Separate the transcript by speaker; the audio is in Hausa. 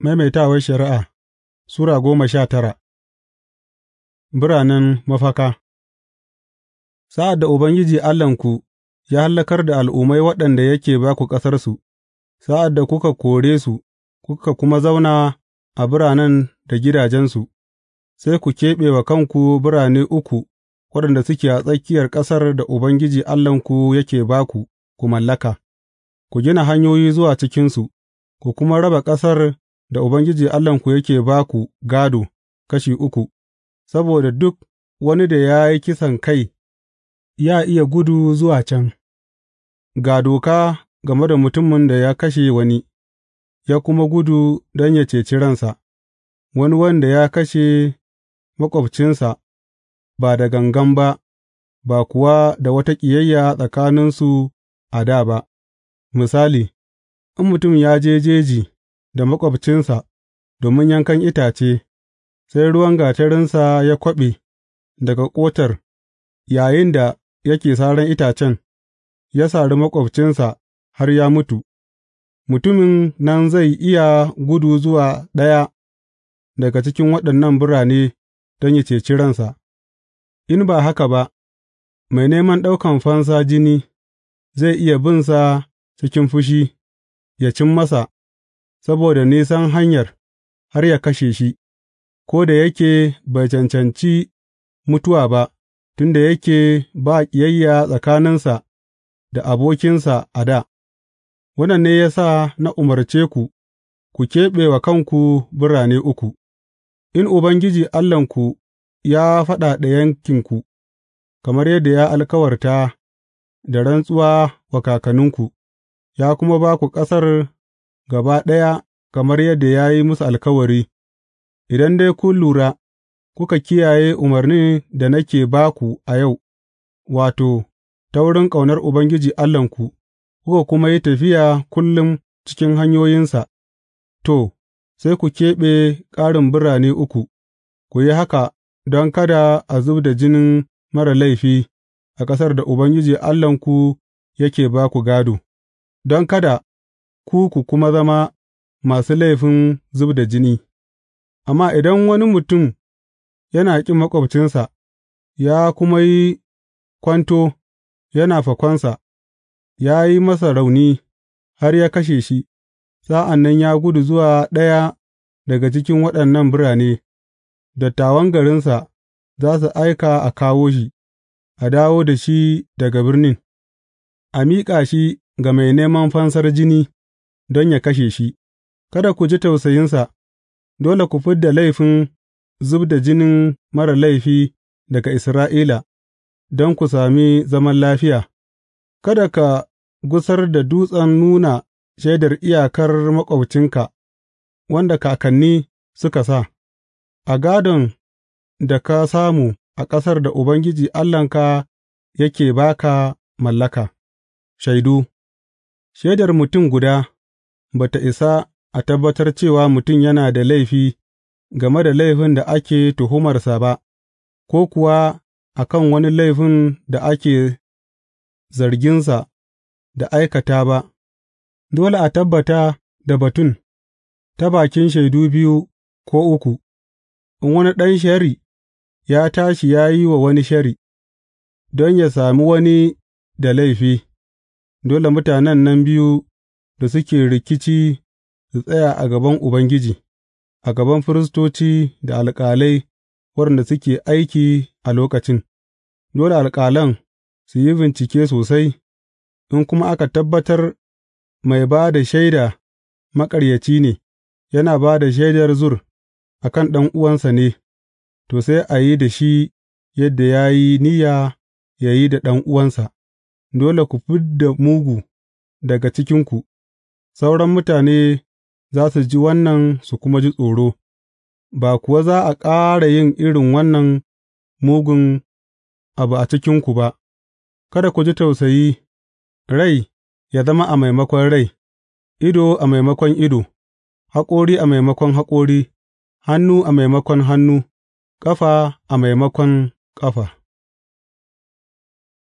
Speaker 1: Maimaitawar Shari'a Sura goma sha tara Biranen mafaka Sa'ad da Ubangiji Allahnku ya hallakar da al'ummai waɗanda yake ba ku ƙasarsu, sa'ad da kuka kore su kuka kuma zauna a biranen da gidajensu, sai ku keɓe wa kanku birane uku waɗanda suke a tsakiyar ƙasar da Ubangiji Allahnku yake ba ku, ku mallaka, ku gina hanyoyi zuwa cikinsu, ku kuma raba ƙasar da Ubangiji Allahnku yake ba ku gādo kashi uku, saboda duk wani da ya yi kisan kai ya iya gudu zuwa can, ga doka game da mutumin da ya kashe wani, ya kuma gudu don ya ceci ransa, wani wanda ya kashe maƙwabcinsa ba da gangan ba, ba kuwa da wata ƙiyayya tsakaninsu a da ba, misali, in mutum ya je jeji. da maƙwabcinsa domin yankan itace, sai ruwan gatarinsa ya kwaɓe daga ƙotar yayinda yake saran itacen, ya sari maƙwabcinsa har ya mutu, mutumin nan zai iya gudu zuwa ɗaya daga cikin waɗannan birane don yă ceci ransa, in ba haka ba, mai neman ɗaukan fansa jini zai iya binsa cikin fushi, ya cim masa. saboda nisan hanyar har ya kashe shi, ko da yake bai cancanci mutuwa ba, tun da yake ba ƙiyayya tsakaninsa da abokinsa a da. Wannan ne ya sa na umarce ku, ku keɓe wa kanku birane uku, in Ubangiji Allahnku ya faɗa da yankinku, kamar yadda ya alkawarta da rantsuwa wa kakanninku, ya kuma ba ku ƙasar gaba ɗaya kamar yadda ya yi musu alkawari, idan dai kun lura kuka kiyaye umarnin da nake ba ku a yau, wato, ta wurin ƙaunar Ubangiji Allahnku, kuka kuma yi tafiya kullum cikin hanyoyinsa, to, sai ku keɓe ƙarin birane uku, ku yi haka don kada a zub da jinin mara laifi a ƙasar da Ubangiji Allahnku yake ba ku gado, don kada. ku ku kuma zama masu laifin zub da jini, amma idan wani mutum yana ƙin maƙwabcinsa, ya kuma yi kwanto yana fakonsa, ya yi masa rauni har ya kashe shi, sa'an nan ya gudu zuwa ɗaya daga cikin waɗannan birane, dattawan garinsa za su aika a kawo shi, a dawo da shi daga birnin, a miƙa shi ga mai neman fansar jini don yă kashe shi, kada ku ji tausayinsa, dole ku fid da laifin zub da jinin marar laifi daga Isra'ila, don ku sami zaman lafiya, kada ka gusar da dutsen nuna shaidar iyakar maƙwabcinka, wanda kakanni suka sa, a gadon da ka samu a ƙasar da Ubangiji Allahnka yake baka mallaka. Shaidu Shaidar mutum guda ba ta isa a tabbatar cewa mutum yana da laifi game da laifin da ake tuhumarsa ba, ko kuwa a kan wani laifin da ake zarginsa da aikata ba, dole a tabbata da batun ta bakin shaidu biyu ko uku, in wani ɗan shari ya tashi ya yi wa wani shari, don ya sami wani da laifi, dole mutanen nan biyu da suke rikici su tsaya a gaban Ubangiji, a gaban firistoci da alƙalai waɗanda suke aiki a lokacin, dole alƙalan su yi bincike sosai, in kuma aka tabbatar mai ba da shaida maƙaryaci ne, yana ba da shaidar zur a kan ɗan'uwansa ne, to, sai a yi da shi yadda ya yi niyya ya yi da ɗan'uwansa, dole ku fid da mugu daga cikinku. Sauran mutane za su ji wannan su kuma ji tsoro, ba kuwa za a ƙara yin irin wannan mugun abu a cikinku ba, kada ku ji tausayi, rai ya zama a maimakon rai, ido a maimakon ido, haƙori a maimakon haƙori, hannu a maimakon hannu, ƙafa a maimakon ƙafa.